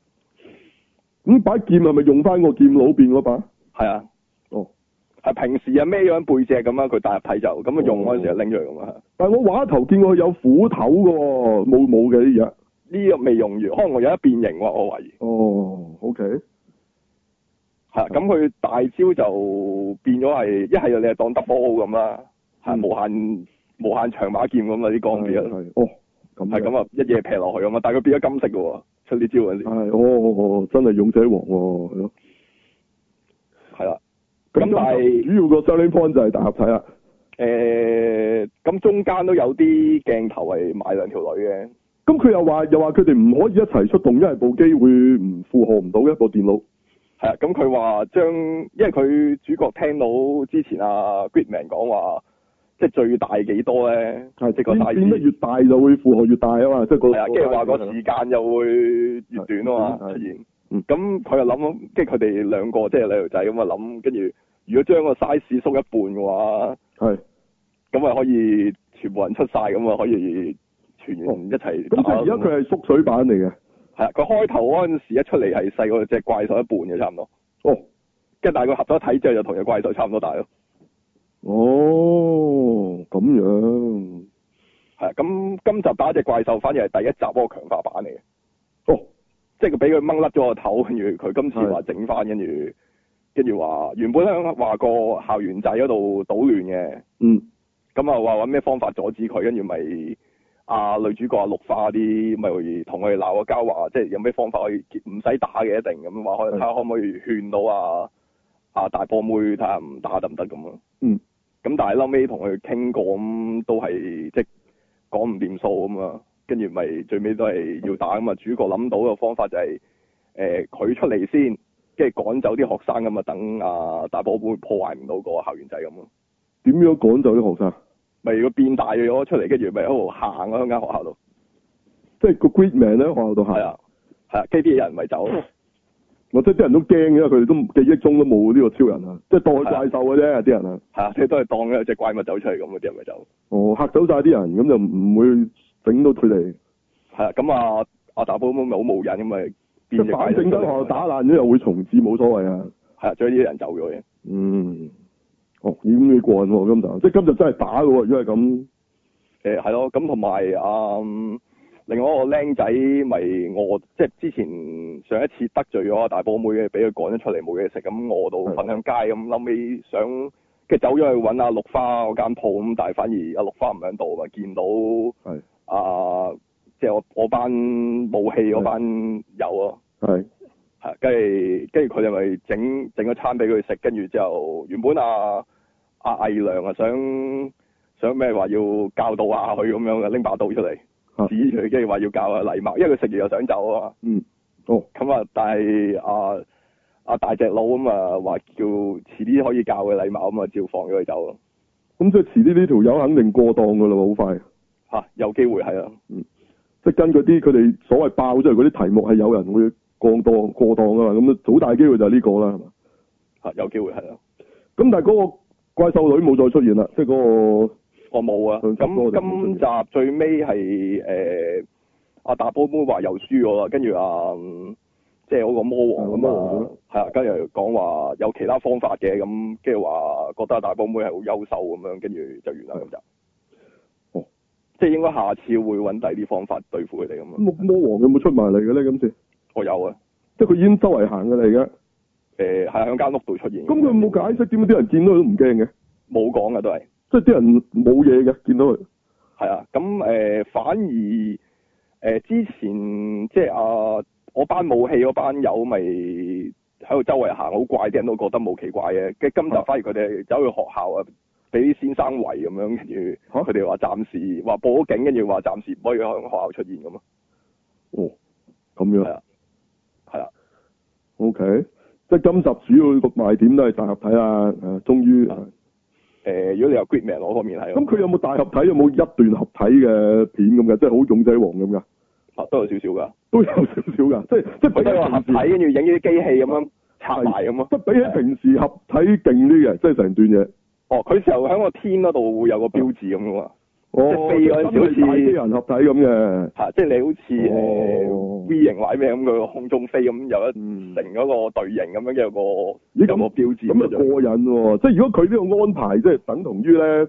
咁、嗯、把劍係咪用翻個劍佬變嗰把？係啊，哦，係平時啊咩樣背脊咁啊，佢帶入體就咁啊用嗰陣時拎住咁啊。但係我畫頭見過佢有斧頭喎，冇冇嘅呢樣，呢個未用完，可能我有一變形喎，我懷疑。哦，OK，吓咁佢大招就變咗係一係就你係當 double 咁啦，係、嗯啊、無限無限長把劍咁啊啲鋼鐵。哦，係咁啊，啊啊啊啊啊啊一嘢劈落去啊嘛，但係佢變咗金色嘅。出啲招、哎哦、真係勇者王係、啊、咯，係啦咁。但係主要個 selling point 就係大合體啦。誒、呃、咁中間都有啲鏡頭係買兩條女嘅。咁佢又話又話，佢哋唔可以一齊出動，因為部機會唔負荷唔到一個電腦。係啊，咁佢話將，因為佢主角聽到之前阿、啊、Gridman 講話。即係最大幾多咧？係、就、即、是、個大。變得越大就會負荷越大啊嘛！即、嗯、係個。係啊，跟住話個時間又會越短啊嘛，出現。咁佢又諗，即係佢哋兩個即係你條仔咁啊諗，跟、就、住、是、如果將個 size 縮一半嘅話，係。咁啊可以全部人出晒，咁啊可以全員一齊。咁、嗯嗯嗯嗯、就而家佢係縮水版嚟嘅。係啊，佢開頭嗰陣時一出嚟係細過隻怪獸一半嘅差唔多。哦。跟住但係佢合咗體之後就同隻怪獸差唔多大咯。哦，咁樣係咁，今集打隻怪獸，反而係第一集嗰個強化版嚟嘅。哦，即係佢俾佢掹甩咗個頭，跟住佢今次話整翻，跟住跟住話原本咧話個校園仔嗰度搗亂嘅。嗯。咁啊，話搵咩方法阻止佢，跟住咪啊女主角阿綠花啲咪同佢鬧個交，話即係有咩方法可以唔使打嘅一定咁，話可睇下可唔可以勸到啊，阿、啊、大波妹看看，睇下唔打得唔得咁。嗯。咁但係後尾同佢傾過咁，都係即講唔掂數咁啊，跟住咪最尾都係要打咁啊。主角諗到個方法就係誒佢出嚟先，跟住趕走啲學生咁啊。等啊大寶貝破壞唔到個校園仔咁咯。點樣趕走啲學生？咪個變大咗出嚟，跟住咪喺度行喺間學校度，即係個 GRIDMAN 咧學校度行，係啊係啊，跟啲、啊、人咪走。我即係啲人都驚，嘅，佢哋都記憶中都冇呢個超人啊！即係代怪獸啲啫，啲人啊，嚇！即係都係當有隻怪物走出嚟咁，啲人咪走。哦，嚇走曬啲人，咁就唔會整到佢哋。係啊，咁啊，阿達波咁咪好無癮咁咪。即係反正我打爛咗，又會重置，冇所謂啊。係啊，將呢啲人走咗嘅。嗯。哦，經嘅過癮喎，今集即係今集真係打嘅喎，因為咁。誒係咯，咁同埋嗯。另外，一個僆仔咪餓，即係之前上一次得罪咗阿大波妹嘅，俾佢趕咗出嚟，冇嘢食，咁餓到瞓響街咁。後尾想即係走咗去揾阿、啊、綠花嗰間鋪，咁但係反而阿、啊、綠花唔喺度咪嘛，見到啊，即、就、係、是、我我班武器嗰班友咯，係係跟住跟住佢哋咪整整咗餐俾佢食，跟住之後原本阿阿魏良啊，啊魏想想咩話要教導下佢咁樣嘅，拎把刀出嚟。啊、指佢即係話要教啊禮貌，因為佢食完又想走啊。嗯。咁、哦、啊，但係啊，阿、呃呃、大隻佬咁啊，話叫遲啲可以教嘅禮貌，咁啊照放咗佢走。咁即係遲啲呢條友肯定過檔噶啦，好快。吓，有機會係啊。嗯。即係跟啲佢哋所謂爆出嗰啲題目係有人會過檔過檔、這個、啊，咁好大機會就係呢個啦，係嘛？吓，有機會係啊。咁但係嗰個怪獸女冇再出現啦，即係嗰、那個。我、哦、冇啊！咁今集最尾係誒阿大波妹話又輸咗啦，跟住阿即係嗰個魔王咁啊，係啊，跟住講話有其他方法嘅咁，跟住話覺得阿大波妹係好優秀咁樣，跟住就完啦咁就。哦，即係應該下次會揾第啲方法對付佢哋咁啊！魔魔王有冇出埋嚟嘅咧？今次我、哦、有啊，即係佢已經周圍行嘅啦，而家誒係喺間屋度出現。咁佢有冇解釋點解啲人見到佢都唔驚嘅？冇講噶都係。即係啲人冇嘢嘅，見到佢係啊，咁誒、呃、反而誒、呃、之前即係啊，我班武器嗰班友咪喺度周圍行好怪，啲人都覺得冇奇怪嘅。跟住今集反而佢哋走去學校啊，俾啲先生圍咁樣，跟住佢哋話暫時話、啊、報咗警，跟住話暫時唔可以喺學校出現咁咯。哦，咁樣係啊，係啊，OK，即係今集主要個賣點都係大合體啦、呃，終於。誒，如果你有 Gridman 嗰方面係，咁佢有冇大合體，有冇一段合體嘅片咁嘅，即係好勇仔王咁噶？啊，都有少少㗎，都有少少㗎，即係即係比起 合體跟住影啲機器咁樣插埋咁咯。即係比起平時合體勁啲嘅， 即係成段嘢。哦，佢時候喺個天嗰度會有個標誌咁嘅喎。即、哦、飛好似人合體咁嘅，吓、啊、即係你好似誒、哦呃、V 型或咩咁嘅空中飛咁有一成嗰個隊形咁、嗯、樣嘅個咦咁個標誌咁啊，過癮喎！即係如果佢呢個安排即係等同於咧，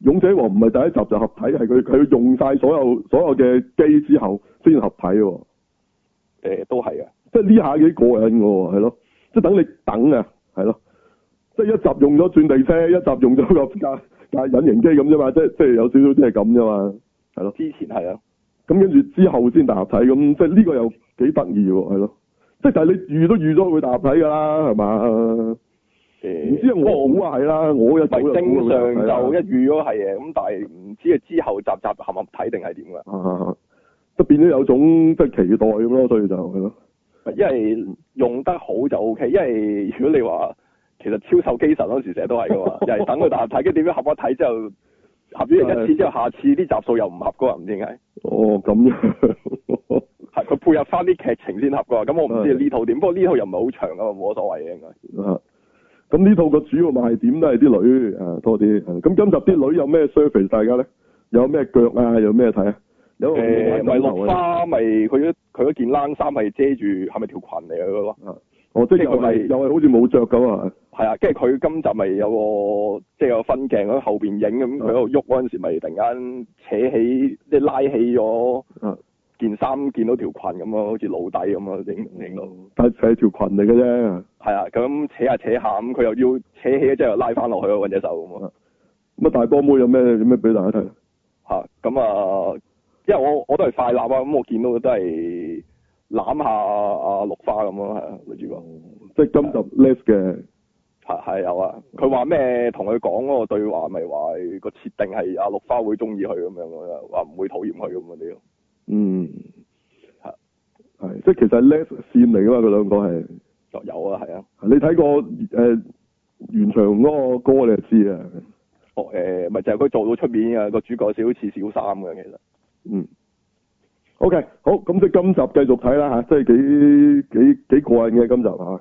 勇者王唔係第一集就合體，係佢佢用晒所有所有嘅機之後先合體、哦。誒、嗯，都係啊！即係呢下幾過癮係咯，即係等你等啊，係咯，即係一集用咗鑽地車，一集用咗個 架隱形機咁啫嘛，即即係有少少啲係咁啫嘛，係咯。之前係啊。咁跟住之後先大合體，咁即係呢個又幾得意喎，係咯。即係但係你預都預咗會大合體㗎啦，係嘛？誒、欸。唔知啊，我估啊，係啦，我一早正常就一預咗係嘅，咁、啊、但係唔知係之後集集合合體定係點㗎？都即變咗有種即係期待咁咯，所以就係咯。因為用得好就 OK，因為如果你話。其實超獸機神嗰時成日都係㗎嘛，就 係等佢大合體，跟點樣合一睇之後，合咗一次之後，下次啲集數又唔合嘅喎，唔知點解。哦，咁係佢配合翻啲劇情先合嘅喎，咁我唔知呢套點。不過呢套又唔係好長嘅嘛，冇乜所謂嘅應該。啊，咁呢套嘅、啊、主要賣點都係啲女啊多啲。咁、啊、今集啲女有咩 service 大家咧？有咩腳啊？有咩睇啊？有誒，欸、綠花咪佢佢嗰件冷衫係遮住，係咪條裙嚟嘅嗰哦，即係佢咪又係好似冇著咁啊？係啊，跟住佢今集咪有個即係、就是、有分鏡喺後面影咁，佢喺度喐嗰陣時，咪突然間扯起即係拉起咗，件衫見到條裙咁、嗯、啊，好似露底咁咯，影影到，但係係條裙嚟嘅啫。係啊，咁扯下扯下咁，佢又要扯起即係拉翻落去咯，揾隻手咁啊。乜大波妹有咩有咩俾大家睇？咁啊，因為我我都係快立啊，咁我見到都係。攬下阿阿六花咁咯，係、啊、女主角。嗯、即係今集 Les 嘅，係係、啊、有啊。佢話咩？同佢講嗰個對話，咪、就、話、是、個設定係阿六花會中意佢咁樣咯，話唔會討厭佢咁嗰啲。嗯，係係、啊，即係其實 Les 線嚟噶嘛，佢兩個係。有啊，係啊。你睇過誒、呃、原場嗰個歌你就知啊。哦、誒、呃，咪就係佢做到出面啊，個主角好似小三咁樣其實。嗯。O、okay, K，好，咁即係今集繼續睇啦，吓，即係幾幾幾過癮嘅今集吓。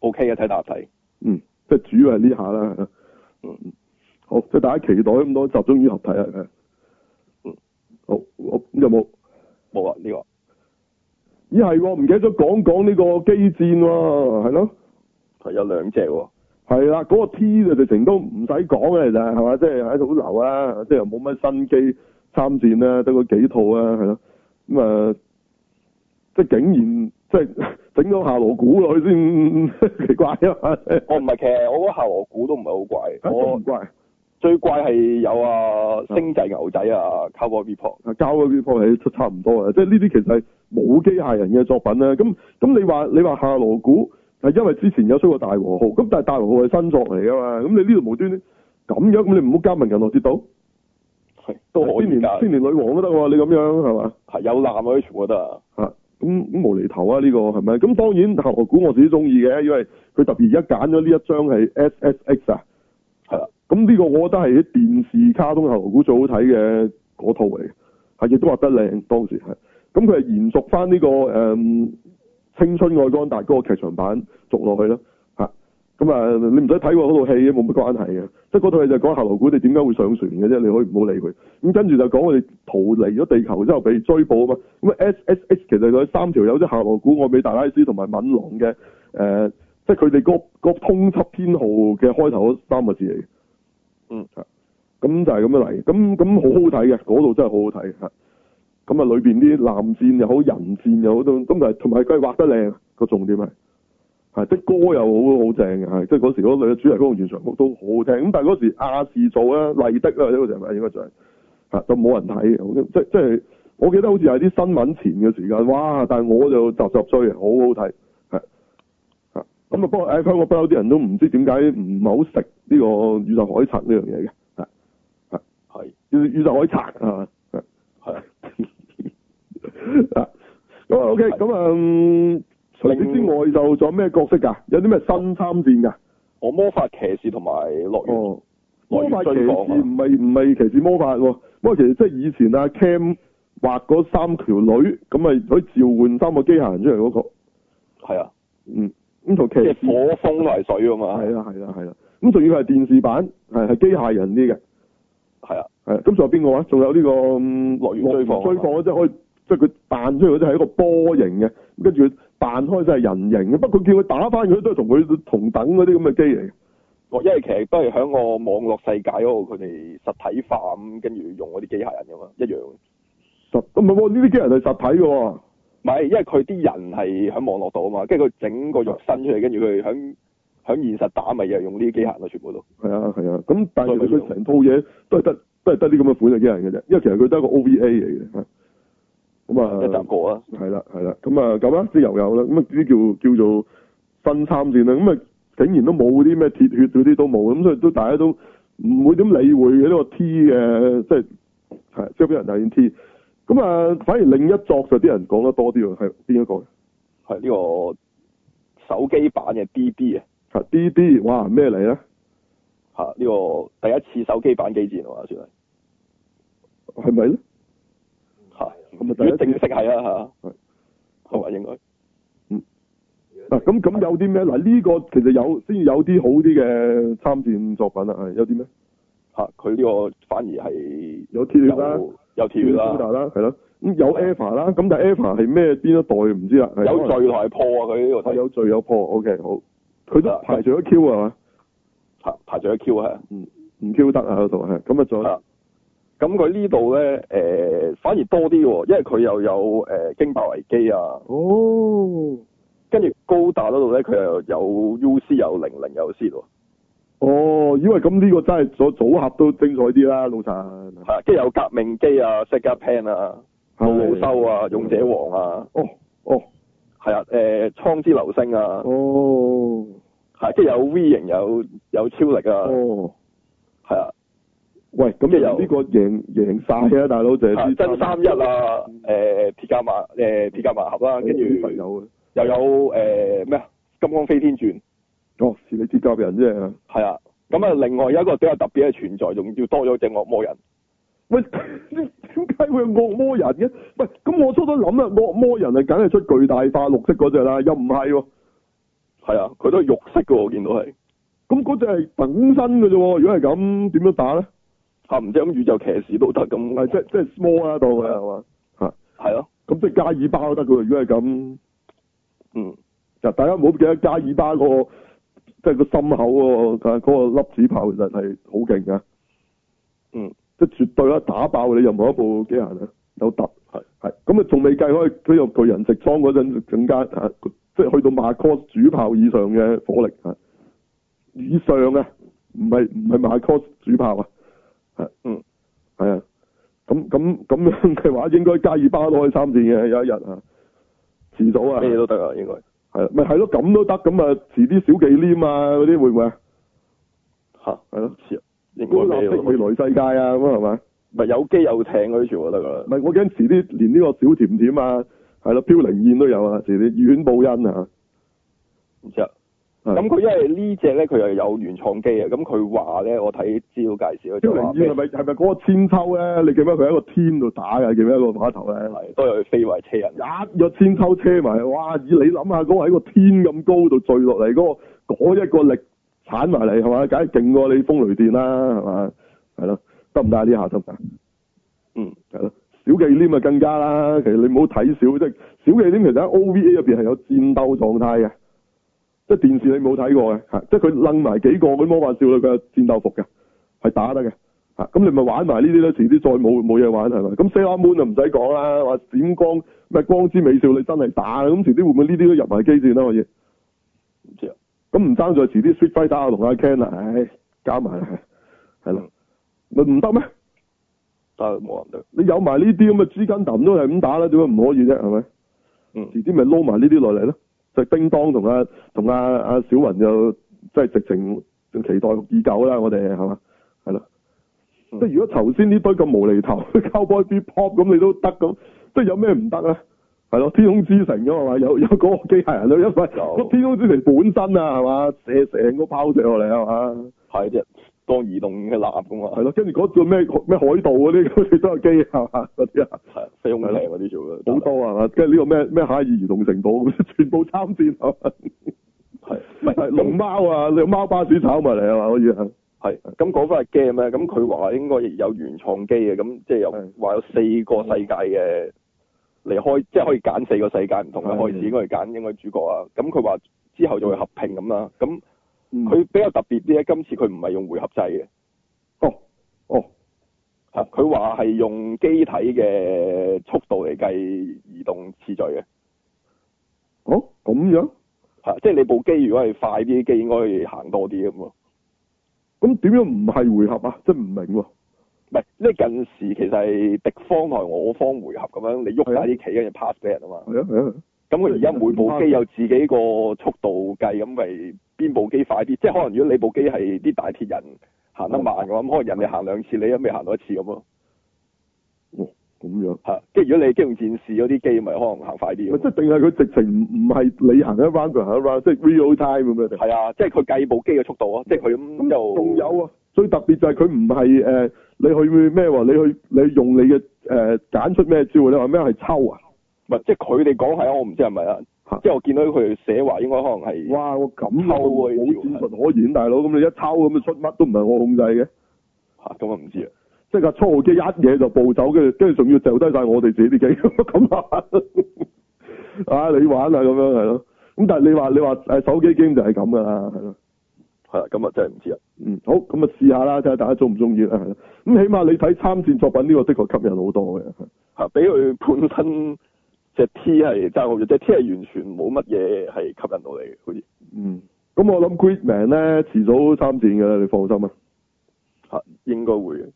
O K 嘅睇合體，嗯，即係主要係呢下啦。嗯，好，即係大家期待咁多集中於合體啊。嗯，好，咁有冇？冇啊呢、這個。咦係，唔記得咗講講呢個機戰喎，啊，係咯。係有兩隻喎。係啦，嗰、那個 T 就就成都唔使講嘅其實係嘛，即係喺度流呀，即係又冇乜新機參戰啦、啊，得嗰幾套啊，係咯。咁、嗯、誒，即係竟然，即係整咗下羅鼓落去先，奇怪啊！我唔係，其實我覺得下羅鼓都唔係好怪，啊、我唔怪最怪係有啊星際牛仔啊，Cowboy Bebop，Cowboy Bebop 係差唔多啊。Report，啊是多即係呢啲其實冇機械人嘅作品咧。咁咁你話你話夏羅鼓，係因為之前有出過大和號，咁但係大和號係新作嚟㗎嘛？咁你呢度無端端咁樣，咁你唔好加文人落跌到。是都可千年千年女王都得喎，啊，你咁樣係嘛？有男，啊、可以全部得啊！吓咁咁無厘頭啊呢，呢個係咪？咁當然《夏洛谷》我自己中意嘅，因為佢特別而家揀咗呢一張係 S S X 啊，係啦。咁呢個我覺得係喺電視卡通《夏洛谷》最好睇嘅嗰套嚟嘅，係亦都畫得靚，當時係。咁佢係延續翻，呢，呢個誒、嗯《青春愛光大哥》劇場版續落去啦咁、嗯、啊，你唔使睇過嗰套戲，冇乜關係嘅。即嗰套戲就講下羅古，你點解會上船嘅啫？你可以唔好理佢。咁跟住就講我哋逃離咗地球之後被追捕啊嘛。咁啊，S S H 其實佢三條有啲下羅古、我畀達拉斯同埋敏郎嘅，即佢哋嗰通緝編號嘅開頭三個字嚟嘅。嗯，咁、嗯嗯嗯、就係、是、咁樣嚟。咁咁好好睇嘅，嗰度真係好好睇吓。咁啊，裏邊啲男戰又好，人戰又好咁啊同埋佢畫得靚，個重點係。係啲歌又好好正嘅、啊，係即係嗰時嗰嘅主題歌同原唱曲都好好聽。咁但係嗰時亞視做咧，麗的啦呢個就係、是，應該就係，吓都冇人睇，即即係我記得好似係啲新聞前嘅時間，哇！但係我就集集追，好好睇，係，咁啊，不過香港不嬲啲人都唔知點解唔係好食呢個宇宙海賊呢樣嘢嘅，係係係，宇宙海賊係係，咁 OK 咁啊。你知我之外就仲有咩角色噶？有啲咩新參戰噶？我魔法騎士同埋樂園，哦、樂園追放魔法騎士唔係唔係騎士魔法喎。魔法其實即係以前阿 Cam 畫嗰三條女，咁咪可以召喚三個機械人出嚟嗰，那個。係啊，嗯，咁同騎士火風都係水啊嘛。係啦、啊，係啦、啊，係啦、啊。咁仲要佢係電視版，係係、啊、機械人啲嘅。係啊，咁仲有邊個啊？仲有呢有、這個樂園追放，園追放、啊、追放可以。即係佢扮出去，嗰啲係一個波形嘅，跟住扮開就係人形嘅。不過叫佢打翻佢都係同佢同等嗰啲咁嘅機嚟。因為其實都係喺個網絡世界嗰度，佢哋實體化咁，跟住用嗰啲機械人咁啊一樣。實唔係呢啲機械人係實體嘅喎、啊，唔係因為佢啲人係喺網絡度啊嘛，跟住佢整個肉身出嚟，跟住佢喺喺現實打咪又係用呢啲機械人全部都係啊係啊。咁但係佢成套嘢都係得都係得啲咁嘅款嘅機械人嘅啫，因為其實佢得個 O V A 嚟嘅。咁、嗯、啊，一集過啊，係、嗯、啦，係啦，咁啊，咁、嗯、啊，即、嗯、又有啦，咁啊啲叫叫做分參戰啦，咁、嗯、啊竟然都冇啲咩鐵血嗰啲都冇，咁所以都大家都唔會點理會呢、這個 T 嘅，即係係即俾人鬧緊 T，咁啊反而另一作就啲人講得多啲喎，係邊一個？係呢、這個手機版嘅 D D 啊！係 D D，哇咩嚟咧？嚇呢、啊這個第一次手機版機戰啊嘛算係，係咪咧？咁啊，第一正式係啊，嚇，係，好啊，應該，嗯，嗱，咁咁有啲咩？嗱，呢個其實有，先有啲好啲嘅參戰作品啊。係，有啲咩？嚇，佢呢個反而係有鐵血啦，有鐵血啦，係咯，咁有 Eva 啦，咁但 Eva 係咩邊一代唔知啊。有序同埋破啊，佢呢度睇，有序有破，OK，好，佢都排除咗 Q 啊，嚇，排除咗 Q 啊，嗯，唔 Q 得啊，嗰度係，咁啊，再。咁佢呢度咧、呃，反而多啲喎、哦，因為佢又有誒驚爆危機啊，哦，跟住高達嗰度咧，佢又有 UC 有零零有 C 喎、啊，哦，因為咁呢個真係所組合都精彩啲啦，老實，係、啊，跟住有革命機啊 Zegapain 啊，後修啊，勇者王啊，哦，哦，係啊，呃、倉蒼之流星啊，哦，係、啊，即係有 V 型有有超力啊，哦，係啊。喂，咁又呢個贏贏晒啊！大佬就係真三一啊，誒鐵、啊啊、甲馬誒鐵、啊、甲馬俠啦，跟、欸、住又有又有誒咩啊？金剛飛天傳，哦是你鐵甲人啫，係啊。咁啊，另外有一個比較特別嘅存在，仲要多咗隻惡魔人。喂，點解會惡魔人嘅？喂，咁我初初諗啊，惡魔人啊，梗係出巨大化綠色嗰隻啦，又唔係？係啊，佢、啊、都係肉色噶，我見到係。咁嗰隻係等身噶啫。如果係咁，點樣打咧？吓、啊，唔止咁宇宙騎士都得咁，係即即係 small 是吧是是吧是是啊檔嘅係嘛，吓係咯，咁即係加爾巴都得噶。如果係咁，嗯，就大家唔好記得加爾巴嗰、那個，即、就、係、是、個心口喎、那個，嗰、那個粒子炮其實係好勁嘅，嗯，即係絕對啦，打爆你任何一部機械啊，有突係係，咁啊仲未計開佢個巨人直桑嗰陣更加是即係去到馬 cross 主炮以上嘅火力吓，以上嘅、啊，唔係唔係馬 cross 主炮啊。係嗯，係啊，咁咁咁樣嘅話，應該加二巴都可以參戰嘅，有一日啊，遲早啊，咩都得啊，應該係咪係咯？咁都得，咁啊，遲啲小忌廉啊，嗰啲會唔會啊？吓係咯，應該係。綠未來世界啊，咁啊係嘛？咪有機有艇嗰啲全部得噶啦。咪我驚遲啲連呢個小甜甜啊，係咯，飄零燕都有遲啊，遲啲院報恩啊。咁、嗯、佢、嗯嗯、因為隻呢隻咧，佢又有原創機啊。咁佢話咧，我睇資料介紹咧，即係話呢個係咪係咪嗰個千秋咧？你記唔記得佢喺個天度打嘅？記唔記得一個碼頭咧嚟，都有飛埋車人，一入千秋車埋。哇！以你諗下，嗰、那、喺個天咁高度墜落嚟嗰個，嗰一個，那個、那個力鏟埋嚟係嘛？梗係勁過你風雷電啦，係嘛？係咯，得唔得呢下，得唔得？嗯，係咯，小忌廉啊，更加啦。其實你唔好睇少，即、就、係、是、小忌廉，其實喺 O V A 入邊係有戰鬥狀態嘅。即係電視你冇睇過嘅，吓，即係佢掕埋幾個佢啲魔法少女佢係戰鬥服嘅，係打得嘅，吓，咁你咪玩埋呢啲咯，遲啲再冇冇嘢玩係咪？咁《Sailor Moon》就唔使講啦，話閃光咩光之美少女，你真係打，咁遲啲會唔會呢啲都入埋機戰啦可以？咁唔、啊、爭在遲啲 switch 翻打下同阿 Ken 啦，唉、哎，加埋係，係咪唔得咩？得，冇人得，你有埋呢啲咁嘅 G Gundam 都係咁打啦，點解唔可以啫？係咪？嗯，遲啲咪撈埋呢啲落嚟咯。就是、叮噹同阿同阿阿小云就即係、就是、直情期待已久啦，我哋係嘛係啦。即係、嗯、如果這這頭先呢、嗯、堆咁無厘頭，Cowboy Bebop 咁你都得咁，即係有咩唔得啊？係咯，天空之城咁係嘛？有有嗰個機械人都因為天空之城本身啊係嘛，寫成個炮仗嚟係嘛？係啫。當移動嘅艦咁啊，係咯，跟住嗰個咩咩海盜嗰啲都係機係嗰啲啊，係非常靚嗰啲做好多啊嘛，跟住呢個咩咩哈爾移動城堡，全部參戰係，唔係龍貓啊，貓、啊啊啊、巴士炒埋嚟啊嘛，可以係咁講翻係 game 咧，咁佢話應該有原創機嘅，咁即係有話、啊、有四個世界嘅，嚟開即係可以揀四個世界唔同嘅開始，因為揀應該主角啊，咁佢話之後就會合拼咁啦，咁、啊。佢、嗯、比較特別啲咧，今次佢唔係用回合制嘅。哦，哦，佢話係用機體嘅速度嚟計移動次序嘅。哦，咁樣？嗯、即係你部機如果係快啲嘅機，應該行多啲咁，咁點樣唔係回合啊？即係唔明喎、啊。即係近時其實係敵方來我方回合咁樣、啊，你喐下啲棋跟住 pass 俾人啊嘛。咁佢而家每部機有自己個速度計，咁咪邊部機快啲？即係可能如果你部機係啲大鐵人行得慢嘅話，咁可能人哋行兩次，你都未行到一次咁咯。哦，咁樣嚇，即係如果你機動戰士嗰啲機，咪可能行快啲。即係定係佢直情唔唔係你行一 round 佢行一 round，即係 real time 咁樣？係啊，即係佢計部機嘅速度啊！即係佢咁又就。仲有啊！最特別就係佢唔係誒，你去咩話？你去你去你去用你嘅誒揀出咩招？你話咩係抽啊？即係佢哋講係啊，我唔知係咪啊。即係我見到佢寫話，應該可能係。哇！我咁抽啊，可見可演大佬咁你一抄，咁啊出乜都唔係我控制嘅。咁啊唔知啊，知即係個初號機一嘢就暴走，跟住跟住仲要就低晒我哋自己啲機咁啊！啊，你玩啊咁樣係咯。咁但係你話你話誒手機 game 就係咁㗎啦，係咯。係啊，咁啊真係唔知啊。嗯，好，咁啊試下啦，睇下大家中唔中意啦。咁、嗯、起碼你睇參戰作品呢個的確吸引好多嘅，嚇俾佢判身。隻 T 係真係，隻 T 係完全冇乜嘢係吸引到你嘅，好似。嗯，咁、嗯嗯、我諗 Gridman 咧遲早參戰嘅，你放心啊。嚇，應該會嘅，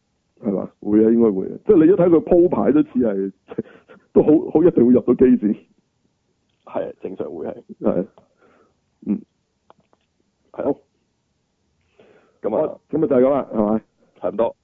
係嘛？會啊，應該會嘅。即係你一睇佢鋪排都似係，都好好一定會入到機子，係、嗯，正常會係。係。嗯。係好。咁、嗯、啊，咁啊、嗯嗯、就係咁啦，係咪？差唔多。